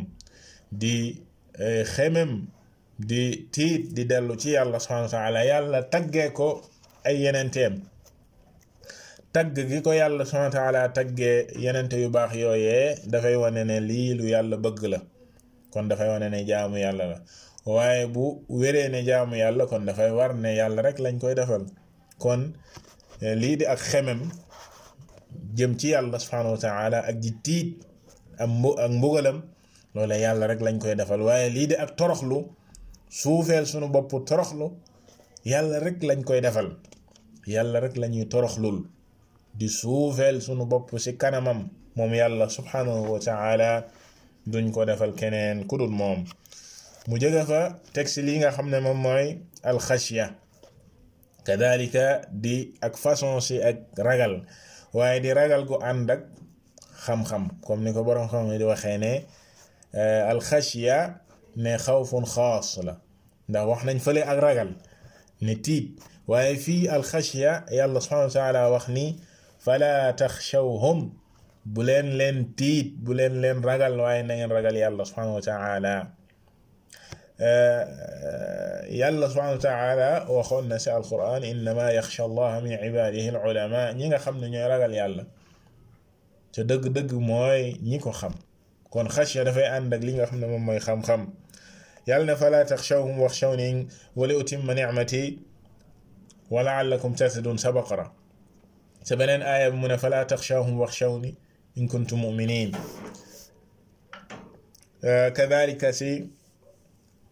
di eh, xemem di tiit di dellu ci yàlla subhanahu wa yàlla taggee ko ay yeneenteem tagg gi ko yàlla subhaanahu wa taala taggee yenente yu baax yooyee dafay wane ne lii lu yàlla bëgg la kon dafay wane ne jaamu yàlla la waaye bu wéree ne jaamu yàlla kon dafay war ne yàlla rek lañ koy defal kon eh, lii di ak xemem jëm ci yàlla subhaanahu wa ak tiit ak mbu mbugalam loolee yàlla rek lañ koy defal waaye lii de ak toroxlu suufeel sunu bopp toroxlu yàlla rek lañ koy defal yàlla rek lañuy toroxlul di suufeel sunu bopp ci kanamam moom yàlla subhanahu wa taala duñ ko defal keneen ku dul moom mu jëge fa teg ci lii nga xam ne moom mooy alxasya kadalika di ak façon ci ak ragal waaye di ragal gu ànd ak xam-xam comme ni ko borom xam di waxee ne euh, alxasya ne xawfun xaas la ndax wax nañ fële ak ragal ne tiit waaye fii alxasya yàlla subhanahu wax ni fala taxshawhum bu leen leen tiit bu leen leen ragal waaye nangeen ngeen ragal yàlla subhanahu taala eh, yàlla subhanahu wa taala waxoon na si alquran innama yaxsha allaha min ibadihi ñi nga xam ne ñooy ragal yàlla te dëgg-dëgg mooy ñi ko xam kon xasya dafay ànd ak li nga xam ne moom mooy xam-xam yàlla ne fala taxshawhum waxshawni wa li utimma nicmati wa laallakum tahtadun sa baqara sa beneen aaya bi mu ne fala taxshawhum waxshawni in kuntum muminin euh, kadalika si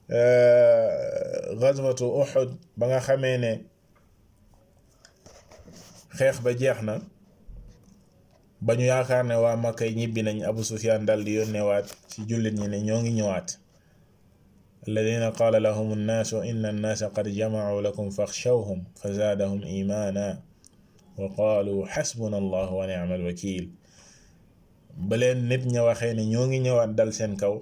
euh, gazwatu Uhud ba nga xamee ne xeex ba jeex na ba ñu yaakaar ne waa Makka ñibbi nañ Abu Sufyan dal di yónneewaat ci jullit ñi ne ñoo ngi ñëwaat alladina qaala lahum annaasu inna annaasa qad jamacuu lakum faxshawhum fa zaadahum imaana wa qaalu xasbuna allah wa ni'mal wakiil ba leen nit ña waxee ne ñoo ngi ñëwaat dal seen kaw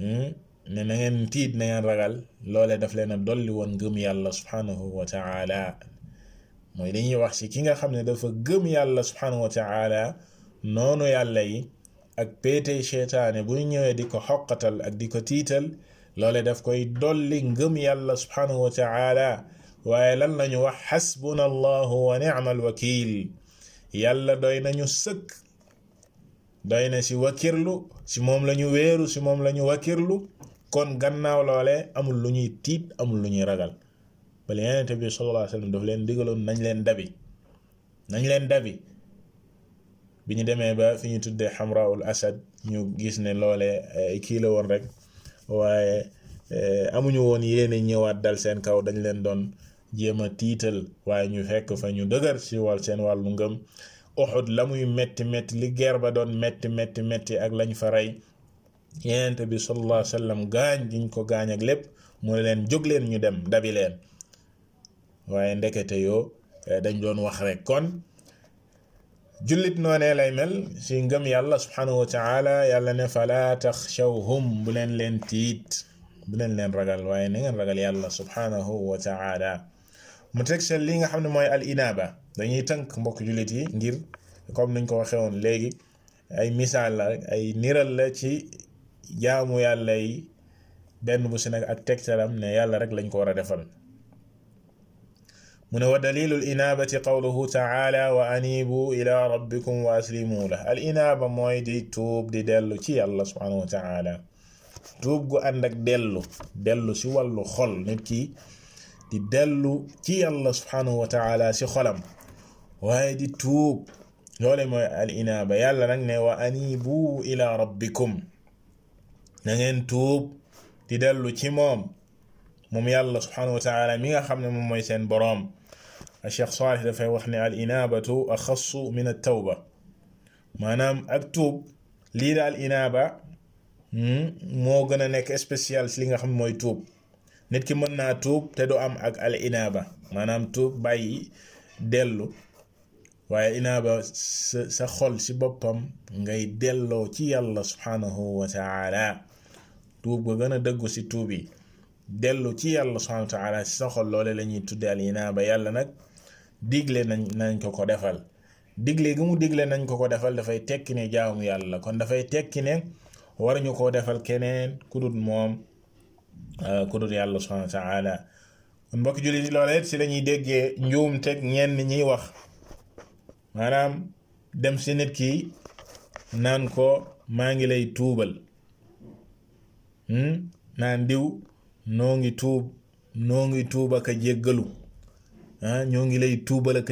hmm? ne na ngeen tiit na ngeen ragal loole daf leen a dolli woon gëm yàlla subhanahu wa ta'ala mooy dañuy wax ci ki nga xam ne dafa gëm yàlla subhanahu wa noonu yàlla yi ak péetey seytaane bu ñëwee di ko xoqatal ak di ko tiital loole daf koy dolli ngëm yàlla subhanahu wa ta'ala waaye lan lañu wax xasbuna allahu wa ni'mal wakiil yàlla doy nañu sëkk doy na ci wakirlu moom lañu wéeru ci moom lañu wakirlu kon gannaaw loole amul lu ñuy tiit amul lu ñuy ragal bale yonent bi sallallahu alayhi wasallam daf leen digaloon nañ leen dabi nañ leen dabi bi ñu demee ba fi ñu tuddee xamraul asad ñu gis ne loole eh, kii la woon rek waaye eh, amuñu woon yéene ñëwaat dal seen kaw dañ leen doon jéem a tiital waaye ñu fekk fa ñu dëgër si wàll seen wàllu ngëm Uhud la muy metti metti li guerre ba doon metti metti metti ak lañ fa rey Yonent bi sallallahu alayhi wa sallam gaañ diñ ko gaañ ak lépp mu ne leen jóg leen ñu dem dabi leen waaye ndekete yoo eh, dañ doon wax rek kon jullit noonee lay mel ci ngëm yàlla subhanahu wa taala yàlla ne fala taxshawhum bu leen leen tiit bu leen leen ragal waaye na ngeen ragal yàlla subhanahu wa taala mu teg seen li nga xam ne mooy al inaaba dañuy tënk mbokk jullit yi ngir comme nañ ko waxee woon léegi ay misaal la rek ay niral la ci jaamu yàlla yi benn bu si nekk ak tegtalam ne yàlla rek lañ ko war a defal mu ne wa dalilu al inaabati qawluhu taala wa anibu ila rabbikum wa mooy di tuub di dellu ci yàlla subhanahu wa tuub gu ànd ak dellu dellu si wàllu xol nit ki di dellu ci yàlla subhanahu wa taala si xolam waaye di tuub loole mooy al inaaba yàlla nag ne wa anibu ila rabbikum na ngeen tuub di dellu ci moom moom yàlla subhanahu wa taala mi nga xam ne moom mooy seen boroom a cheikh saalih dafay wax ne al inaabatu axassu min hmm, moo gën a nekk spécial si li nga xam mooy tuub nit ki mën naa tuub te du am ak al inaaba maanaam tuub bàyyi dellu waaye inaaba sa sa xol ci boppam ngay delloo ci yàlla subhanahu wa tuub ba gën a dëggu si tuub yi dellu ci yàlla subhanahu wa taala sa xol loole la ñuy tudde al inaaba yàlla nag digle nañ nañ ko ko defal digle gi mu digle nañ ko ko defal dafay tekki ne jaamu yàlla kon dafay tekki ne war ñu koo defal keneen ku moom Euh, ku dul yàlla subhanahu wa taala kon mbokki jullit yi loolee si la ñuy déggee njuumteg ñenn ñiy wax maanaam dem si nit ki naan ko maa ngi lay tuubal hmm? naan diw noo ngi tuub noo ngi tuub ak a jéggalu ah, ñoo ngi lay tuubal ak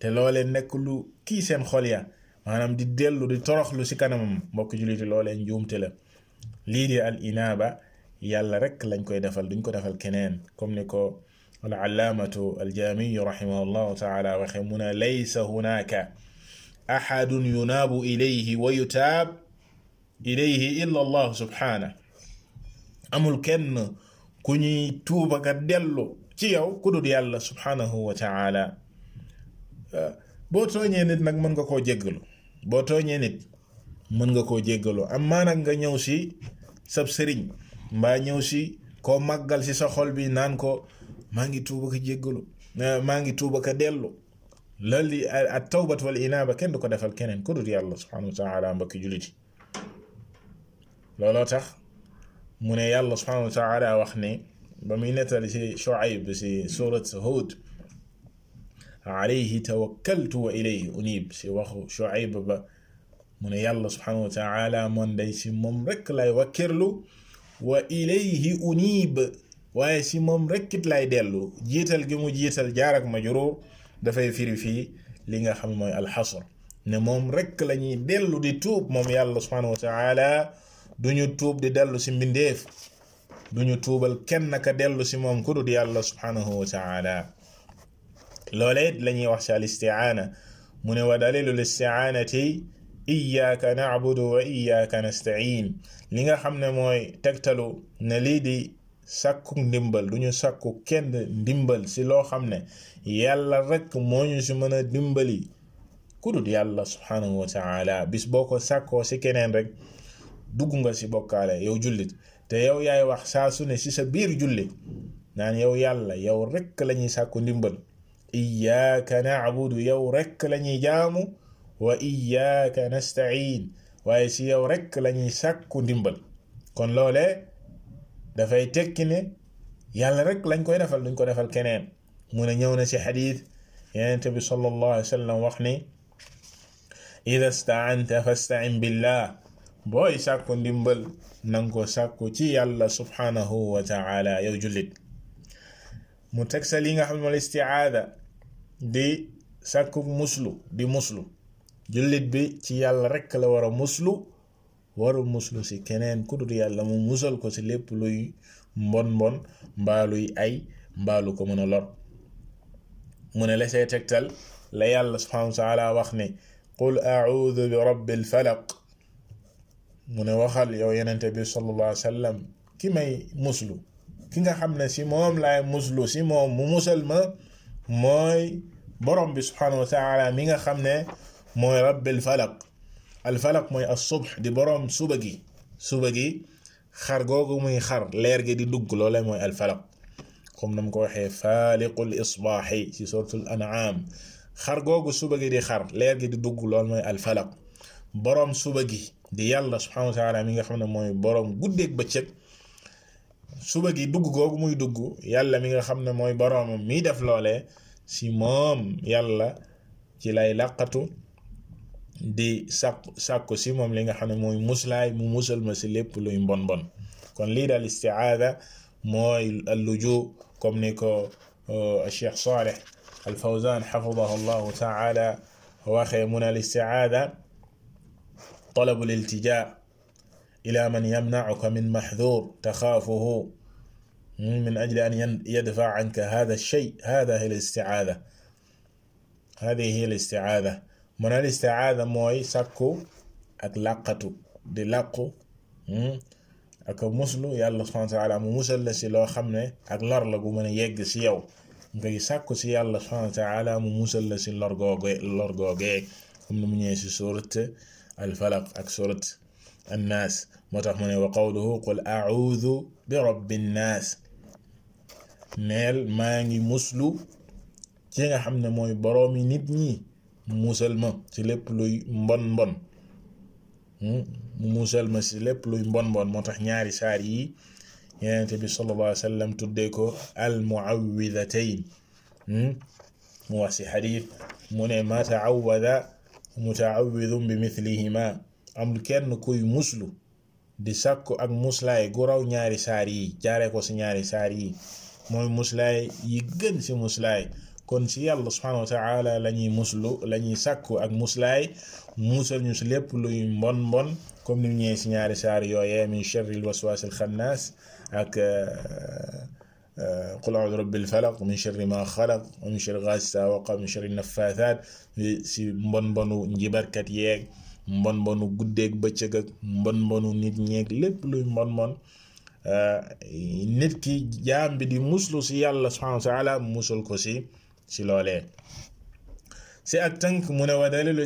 te loolee nekk lu kii seen xol ya maanaam di dellu di toroxlu si kanamam mbokki jullit yi loolee njuumte la lii di al inaaba yàlla rek lañ koy defal duñ ko defal keneen comme ni ko alallaamatu aljaamiyu raximahu llahu taala waxe mu ne laysa hunaka axadun yunaabu ilayhi wa yutaab ilayhi illa allahu subhaana amul kenn ku ñuy tuubaka dellu ci yow ku dul yàlla subhaanahu wa taala boo tooñee nit nag mën nga koo jéggalu boo tooñee nit mën nga koo jéggalu am maa nag nga ñëw si sab sëriñ mbaa ñëw si koo màggal si sa xol bi naan ko maa ngi tuuba ko jéggalu eh, maa ngi tuuba ko dellu loolu di at tawbat wal kenn du ko defal keneen ku dul yàlla subhanahu wa taala mbokki mu ne yàlla subhanahu wa taala wax ne ba muy nettali si Shuayb si surat Hud alayhi tawakkaltu wa ilayhi unib si waxu Shuayb ba mu ne yàlla subhanahu wa taala moom day si moom rek lay wakkirlu wa ilayhi unib waaye si moom rekkit lay dellu jiital gi mu jiital jaarak ak majruur dafay firi fii li nga xam mooy alxasr ne moom rekk lañuy ñuy dellu di tuub moom yàlla subhanahu wa taala duñu tuub di dellu si mbindeef duñu tuubal kenn ka dellu si moom ku dul yàlla subhanahu wa taala loolee it wax si al mu ne wa dalilul istiaanati iyyaka na'budu wa iyyaka nasta'in li nga xam ne mooy tegtalu ne lii di sàkku ndimbal du ñu sàkku kenn ndimbal si loo xam ne yàlla rekk moo ñu si mën a dimbali ku dul yàlla subhanahu wa bis boo ko sàkkoo si keneen rek dugg nga si bokkaale yow jullit te yow yaay wax saa su ne si sa biir jullit naan yow yàlla yow rekk lañuy sàkku ndimbal iyyaka na'budu yow rekk lañuy jaamu wa iyyaka nasta'in waaye si yow rekk lañuy sàkku dimbal kon loole dafay tekki ne yàlla rek lañ koy defal duñ ko defal keneen mu ne ñëw na si xadiis yonent bi sallallahu alayhi wax ni ida staanta fastain billah booy sàkku ndimbal nanga ko sàkku ci yàlla subhanahu wa taala yow jullit mu teg sa li nga xam ne mal di sàkku muslu di muslu jullit bi ci yàlla rekk la war a muslu warul muslu si keneen ku dul yàlla mu musal ko ci lépp luy mbon mbon mbaa luy ay mbaa ko mën a lor mu ne la say tegtal la yàlla subhaanahu wa wax ne qul audu bi rabbil falaq mu ne waxal yow yenente bi sallallahu wa sallam ki may muslu ki nga xam ne ci moom laay muslu ci moom mu musal ma mooy borom bi subhaanahu wa taala mi nga xam ne mooy rabbil falaq mooy as subh di boroom suba gi suba gi xar googu muy xar leer gi di dugg loolee mooy al comme na mu ko waxee faaliqul ci suratul an'am xar googu suba gi di xar leer gi di dugg lool mooy al falaq boroom suba gi di yàlla subhanahu wa mi nga xam ne mooy boroom guddeeg bëccëg suba gi dugg googu muy dugg yàlla mi nga xam ne mooy boroomam miy def loole si moom yàlla ci lay làqatu di sàkk sàkku si moom li nga xam ne mooy muslaay mu musal ma si lépp luy mbon mbon kon lii daal istiaada mooy alluju comme ni ko euh, cheikh saleh alfawzan xafidahu llahu taala waxee mun al istiaada talabu liltija ila man yamnacuka min maxdur taxaafuhu min ajli an yadfac anka hada alshay hada hiya alistiaada hadihi hiya alistiaada mu ne istiaada mooy sàkku ak làqatu di làqu hmm, ak muslu yàlla subhaanahu wa taala mu musal si loo xam ne ak lar la gu mën a yegg si yow ngay sàkku si yàlla subhaanahu wa taala mu musal la si lor mu ñëwee si surat ak surat annaas moo tax mu ne wa qawluhu qul audu bi rabbi nnaas neel maa ngi muslu ci nga xam ne mooy boroomi nit ñi musal ma ci lépp luy mbon mbon hmm? mu musal ma ci lépp luy mbon mbon moo tax ñaari saar yi yenente bi sallallahu alayhi wa sallam tuddee ko al muawwidatayn hmm? mu wax ci xadiis mu ne ma muta mutaawidun bi mithlihima am kenn kuy muslu di sàkku ak muslaay gu raw ñaari saar yi jaaree ko ci ñaari saar yi mooy muslaay yi gën ci muslaay kon si yàlla subhanahu wa taala la ñuy muslu la ñuy sàkku ak muslaay musal ñu si lépp luy mbon mbon comme ni mu ñëwee si ñaari saar yooyee min sharril waswasil xannaas ak euh, euh, qul a'uudu bi rabbil falaq min sharri ma xalaq wa min sharri gaasiqin idhaa min sharri naffaasaat si mbon mbonu njibarkat yeeg mbon mbonu guddeeg bëccëg ak mbon nit ñeeg lépp luy mbon mbon euh, nit ki jaam bi di muslu si yàlla subhanahu wa taala ko si ci loolee si ak tënk mu ne wa dalilu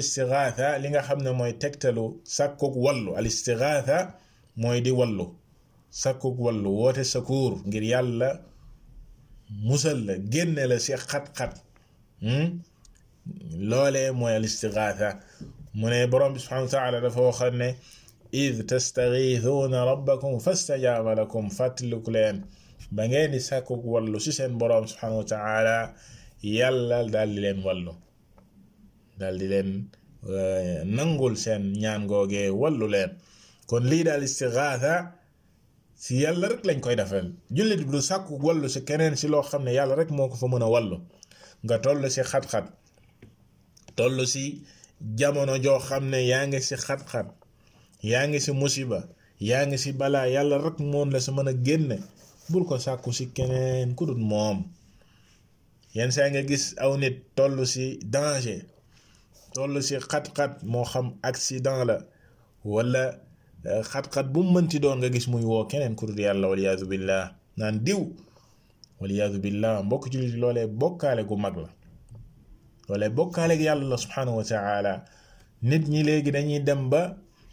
li nga xam ne mooy tegtalu sàkkuk wallu al mooy di wallu sàkkuk wallu woote sakuur ngir yàlla musal la génne la si xat-xat hmm? loolee mooy al istigaatha mu ne borom bi taala dafa waxoon id tastagiithuuna rabbakum fastajaaba lakum ba ngeen di sàkkuk wallu si seen borom subhaanahu taala yàlla daal di leen wallu dal di leen euh, nangul seen ñaan googee wallu leen kon lii daal istigaatha si yàlla rek lañ koy defal jullit bi sàkku wallu si keneen si loo xam ne yàlla rek moo ko fa mën a wallu nga toll si xat toll si jamono joo xam ne yaa ngi si xat yaa ngi si musiba yaa ngi si balaa yàlla rek moom la sa mën a génne bul ko sàkku si keneen ku moom yenn saa nga gis aw nit toll si danger toll si xat-xat moo xam accident la wala euh, xat-xat bu mu mënti doon nga gis muy woo keneen ku dul yàlla waliyaasu billah naan diw waliyaasu billah mbokk ci lii loolee bokkaale gu mag la loolee bokkaale yàlla la subhaanahu wa nit ñi léegi dañuy dem ba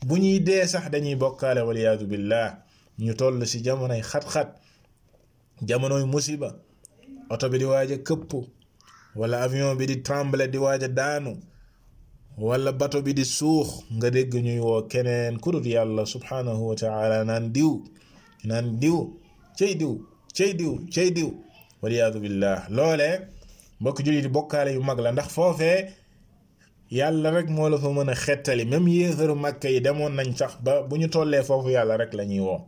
bu ñuy dee sax dañuy bokkaale waliyaasu billah ñu toll si jamonoy xat-xat jamonoy musiba oto bi di waaj a këpp wala avion bi di trembler di waaj a daanu wala bato bi di suux nga dégg ñuy woo keneen ku dul yàlla subhanahu wa naan diw naan diw cey diw cey diw cey diw waliyaadu billah loole mbokk jullit yi bokkaale yu mag la ndax foofee yàlla rek moo la fa mën a xettali même yéefaru màkka yi demoon nañ sax ba bu ñu tollee foofu yàlla rek lañuy woo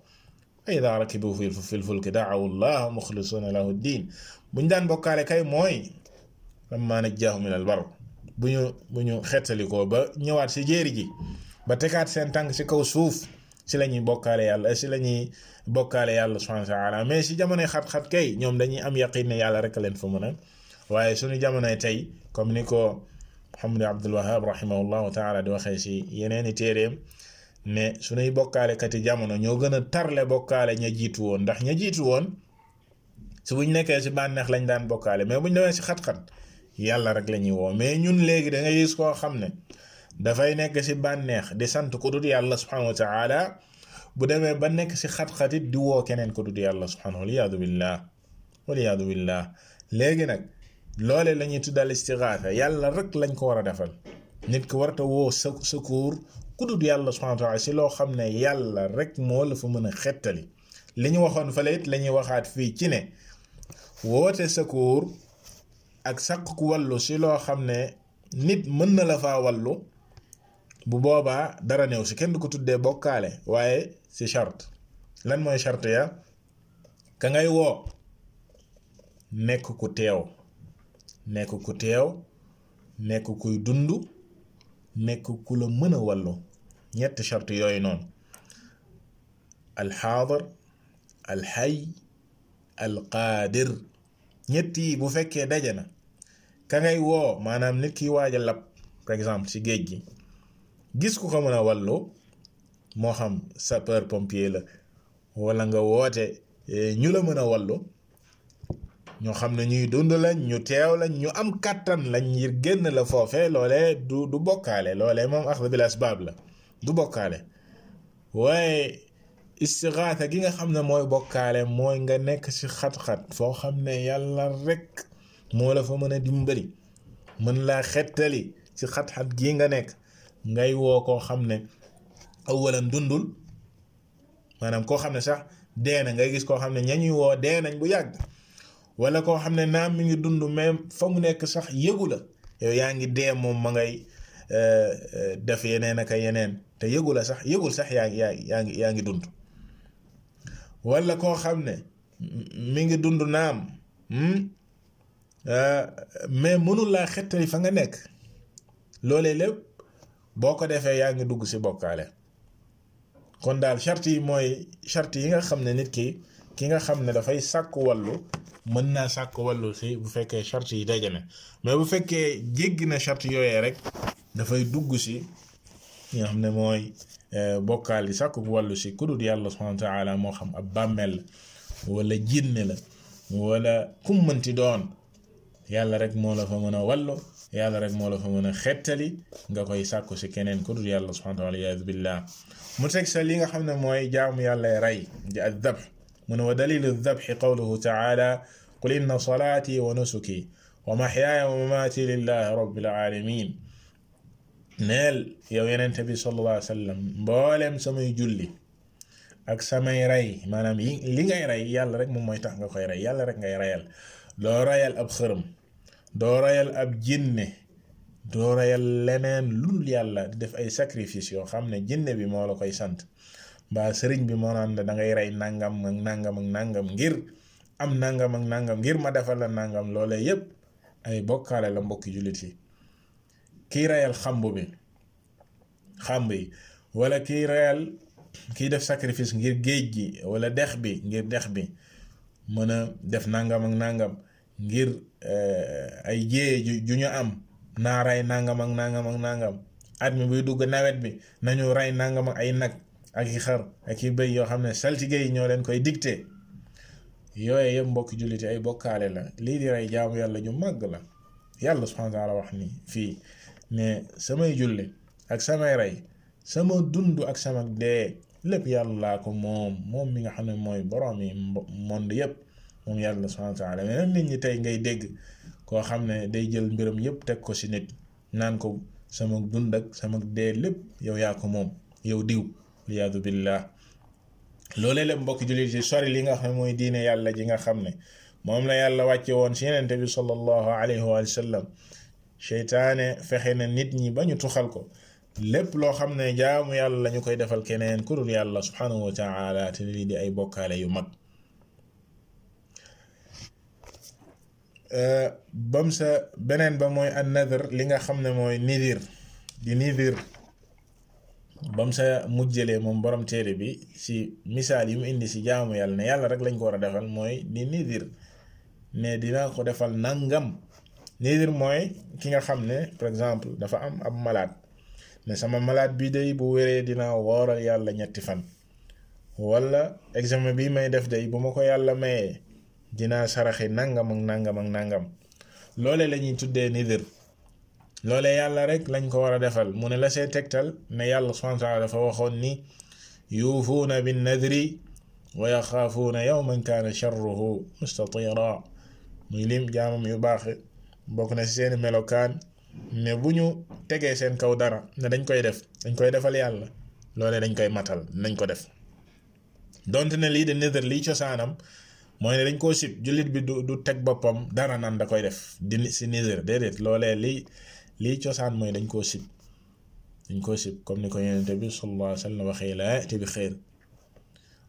fa ida rakibu fi l daawu llah muxlisuna lahu ddin buñ daan bokkaale kay mooy lammaa najjaahum ilal barr bu ñu bu ñu xettalikoo ba ñëwaat si jéeri ji ba tegaat seen tànk si kaw suuf si la ñuy bokkaale yàlla si la ñuy bokkaale yàlla subhaanahu wa mais si jamonoy xat-xat kay ñoom dañuy am yaqin ne yàlla rek leen fa mën a waaye suñu jamonoy tey comme ni ko Muhammad Abdul Wahab rahimahullahu taala di waxee si yeneen i téeréem ne suñuy bokkaale kati jamono ñoo gën a tarle bokkaale ña jiitu woon ndax ña jiitu woon su bu ñu nekkee si bànneex lañu daan bokkaale mais bu ñu demee si xat-xat yàlla rek la ñuy woo mais ñun léegi da ngay gis koo xam ne dafay nekk si bànneex di sant ku dul yàlla subhanahu wa taala bu demee ba nekk si xat di woo keneen ku dul yàlla subhanahu waliyaadu billah waliyaadu billah léegi nag loole la ñuy tuddal yàlla rek lañ ko war a defal nit ki warta woo sa secours ku dul yàlla subhanahu si loo xam ne yàlla rek moo la fa mën a xettali li ñu waxoon fale it la ñuy waxaat fii ci ne woote secours ak sàkku wallu ci loo xam ne nit mën na la faa wallu bu boobaa dara néew ci kenn du ko tuddee bokkaale waaye ci charte lan mooy charte ya ka ngay woo nekk ku teew nekk ku teew nekk kuy dund nekk ku la mën a wallu ñetti charte yooyu noonu alxaadar alxay alqaadir ñett yi bu fekkee daje na ka ngay woo maanaam nit ki waaj a lab par exemple ci géej gi gis ko ko mën a wàllu moo xam sapeur pompier la wala nga woote e, ñu la mën a wallu ñoo xam ne ñuy dund lañ ñu teew lañ ñu am kàttan lañ ngir génn la foofe loole du du bokkaale loole moom axda bil asbaab la du bokkaale waaye istixaasa gi nga xam ne mooy bokkaale mooy nga nekk si xat-xat foo xam ne yàlla rek moo la fa mën a dimbali mën laa xettali si xat-xat gii nga nekk ngay woo koo xam ne awalan dundul maanaam koo xam ne sax dee na ngay gis koo xam ne ñañuy woo dee nañ bu yàgg wala koo xam ne naa mu ngi dund même fa mu nekk sax yëgu la yow yaa ngi dee moom ma ngay euh, euh, def yeneen ak yeneen te yëgu la sax yëgul sax yaa ngi yaa ngi yaa ngi dund wala koo xam ne mi ngi dund naam hmm? euh, mais mënul laa xettali fa nga nekk loolee lépp boo ko defee yaa ngi dugg si bokkaale kon daal charte yi mooy charte yi nga xam ne nit ki ki nga xam ne dafay sàkk wallu mën naa sàkk wallu si bu fekkee charte yi daje na mais bu fekkee jéggi na charte yooyee rek dafay dugg si nga xam ne mooy Euh, bokkaal yi sàkku wàllu si ku dul yàlla subhanahu taala moo xam ab bàmmeel la wala jinne la wala kummanti doon yàlla rek moo la fa mën a wallu yàlla rek moo la fa mën a xettali nga koy sàkku si keneen ku dul yàlla subhanahu taala aliyasu billah mu teg sa li nga xam ne mooy jaamu yàlla rey di ak dab wa dalilu dabxi qawluhu taala qul inna salaati wa nusuki wa maxyaaya wa mamaati lillahi rabbil alamin neel yow yenente bi sallallahu alayhi wa mbooleem samay julli ak samay rey maanaam yi li ngay rey yàlla rek moom mooy tax nga koy rey yàlla rek ngay reyal doo reyal ab xërëm doo reyal ab jinne doo reyal leneen lu yàlla def ay sacrifice yoo xam ne jinne bi moo la koy sant mbaa sëriñ bi moo naan da ngay rey nangam ak nangam ak nangam ngir am nangam ak nangam ngir ma defal la nangam loole yépp ay bokkaale la mbokki jullit yi kii reyal xamb bi xamb yi walla kii reyal kii def sacrifice ngir géej gi wala dex bi ngir dex bi mën a def nangam ak nangam ngir eh, ay jéye ju ñu am naa rey nangam ak nangam ak nangam at mi buy dugg nawet bi nañu rey nangam ak ay nag ak i xar ak i bëy yoo xam ne saltige yi ñoo leen koy dicté yooye yëpp mbokki jullit ay bokkaale la lii di rey jaamu yàlla ju màgg la yàlla subhanahu wa taala wax ni fii mais samay julli ak samay rey sama dund ak sama dee lépp yàlla laa ko moom moom mi nga xam ne mooy borom yi monde yépp moom yàlla subhanahu wa ta'ala nit ñi tey ngay dégg koo xam ne day jël mbiram yépp teg ko ci nit naan ko sama dund ak sama dee lépp yow yaa ko moom yow diw liyaadu billah loolee la mbokk jullit yi sori li nga xam ne mooy diine yàlla ji nga xam ne moom la yàlla wàcce woon ci yenente bi sallallahu alayhi wa sallam seytaane fexe na nit ñi ba ñu tuxal ko lépp loo xam ne jaamu yàlla lañu koy defal keneen ku dul yàlla subhanahu wa taala te lii di ay bokkaale yu mag euh, bam sa beneen ba mooy an nadr li nga xam ne mooy nidir di nidir bam sa mujjalee moom borom téere bi si misaal yi mu indi si jaamu yàlla ne yàlla rek lañ ko war a defal mooy di nidir ne dina ko defal nangam nidir mooy ki nga xam ne par exemple dafa am ab malade ne sama malade bi day bu wéree dinaa wooral yàlla ñetti fan wala exemple bi may def dey bu ma ko yàlla mayee dinaa saraxi nangam ak nangam ak nangam loole la ñuy tuddee nidir loole yàlla rek lañ ko war a defal mu ne la see tegtal ne yàlla subhanahu wa taala dafa waxoon ni yuufuuna bin nadri wa yaxaafuuna yawman kaana sharruhu mustatira muy lim jaamam yu baax bokk na si seeni melokaan ne bu ñu tegee seen kaw dara ne dañ koy def dañ koy defal yàlla loolee dañ koy matal nañ ko def donte ne lii de nether lii cosaanam mooy dañ koo sib jullit bi du du teg boppam dara naan da koy def di si nether lii lii cosaan mooy dañ koo sib dañ koo sib comme ni ko yonent bi sallallahu alayhi waxee laa te bi xeer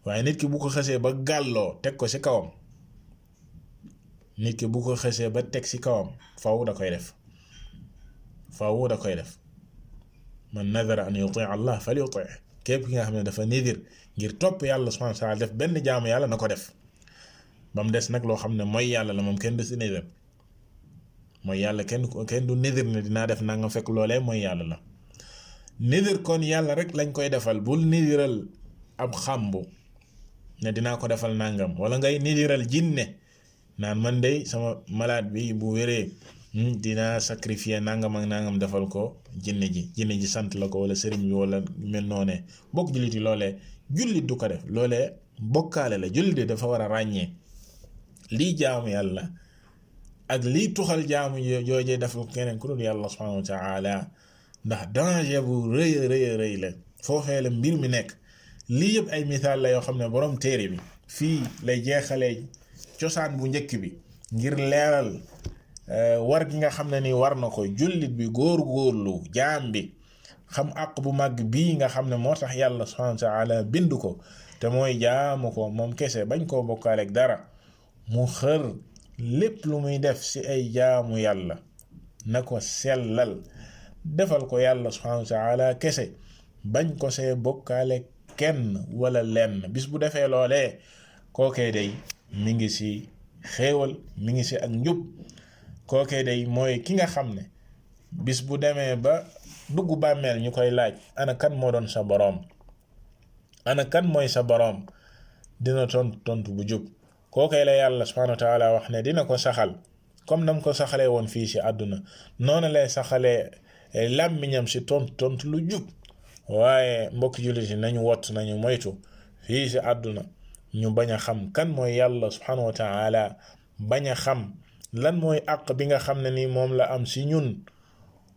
waaye nit ki bu ko xasee ba gàlloo teg ko si kawam nit ki bu ko xësee ba teg ci kawam faaw da koy def faaw da koy def man nadara an yuti allah fal yuti képp ki nga xam ne dafa nidir ngir topp yàlla subhanahu wa taala def benn jaamu yàlla na ko def ba mu des nag loo xam ne mooy yàlla la moom kenn du si nidir mooy yàlla kenn kenn du nidir ne dinaa def nanga fekk loolee mooy yàlla la nidir kon yàlla rek lañ koy defal bul nidiral ab xàmbu ne dinaa ko defal nangam wala ngay nidiral jinne naa man day sama malaat bi bu wéree hmm, dinaa sacrifier nangam ak nangam defal ko jinne ji jinne ji sant la ko wala sëriñ bi wala mel noonee bokk jullit yi loole jullit du ko def loole bokkaale la jullit de dafa war a ràññee lii jaamu yàlla ak lii tuxal jaamu joojee dafa keneen ku dul yàlla subhanahu wa ndax danger bu rëy rëy rëy la foofee la mbir mi nekk lii yëpp ay misaal la yoo xam ne borom téere bi fii lay jeexalee cosaan bu njëkk bi ngir leeral eh, war gi nga xam ne ni war na ko jullit bi góor-góorlu jaam bi xam àq bu mag bii nga xam ne moo tax yàlla subhanahu wa taala bind ko te mooy jaamu ko moom kese bañ koo bokkaale dara mu xër lépp lu muy def ci ay jaamu yàlla na ko sellal defal ko yàlla subhanahu wa taala kese bañ ko see bokkaale kenn walla lenn bis bu defee loolee kookee day mi ngi si xéewal mi ngi si ak njub kookee day mooy ki nga xam ne bis bu demee ba dugg bàmmeel ñu koy laaj ana kan moo doon sa boroom ana kan mooy sa boroom dina tontu tontu bu jub kookee la yàlla subhaanahu wa wax ne dina ko saxal comme nam ko saxalee woon fii si àdduna noonu lay saxalee làmmiñam si tontu tontu lu jub waaye mbokk jullit yi nañu wot nañu moytu fii si àdduna ñu bañ a xam kan mooy yàlla subhanahu wa taala bañ a xam lan mooy àq bi nga xam ne nii moom la am si ñun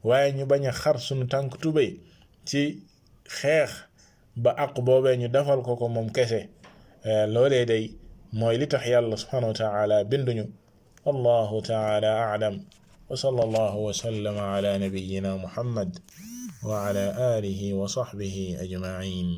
waaye ñu bañ a xar suñu tànk tubéy ci xeex ba àq boobee ñu defal ko ko moom kese eh, loolee day mooy li tax yàlla subhanahu wa taala binduñu allahu taala alam wa sallallahu wa sallama ala nabiyina muhammad wa wa sahbihi ajmain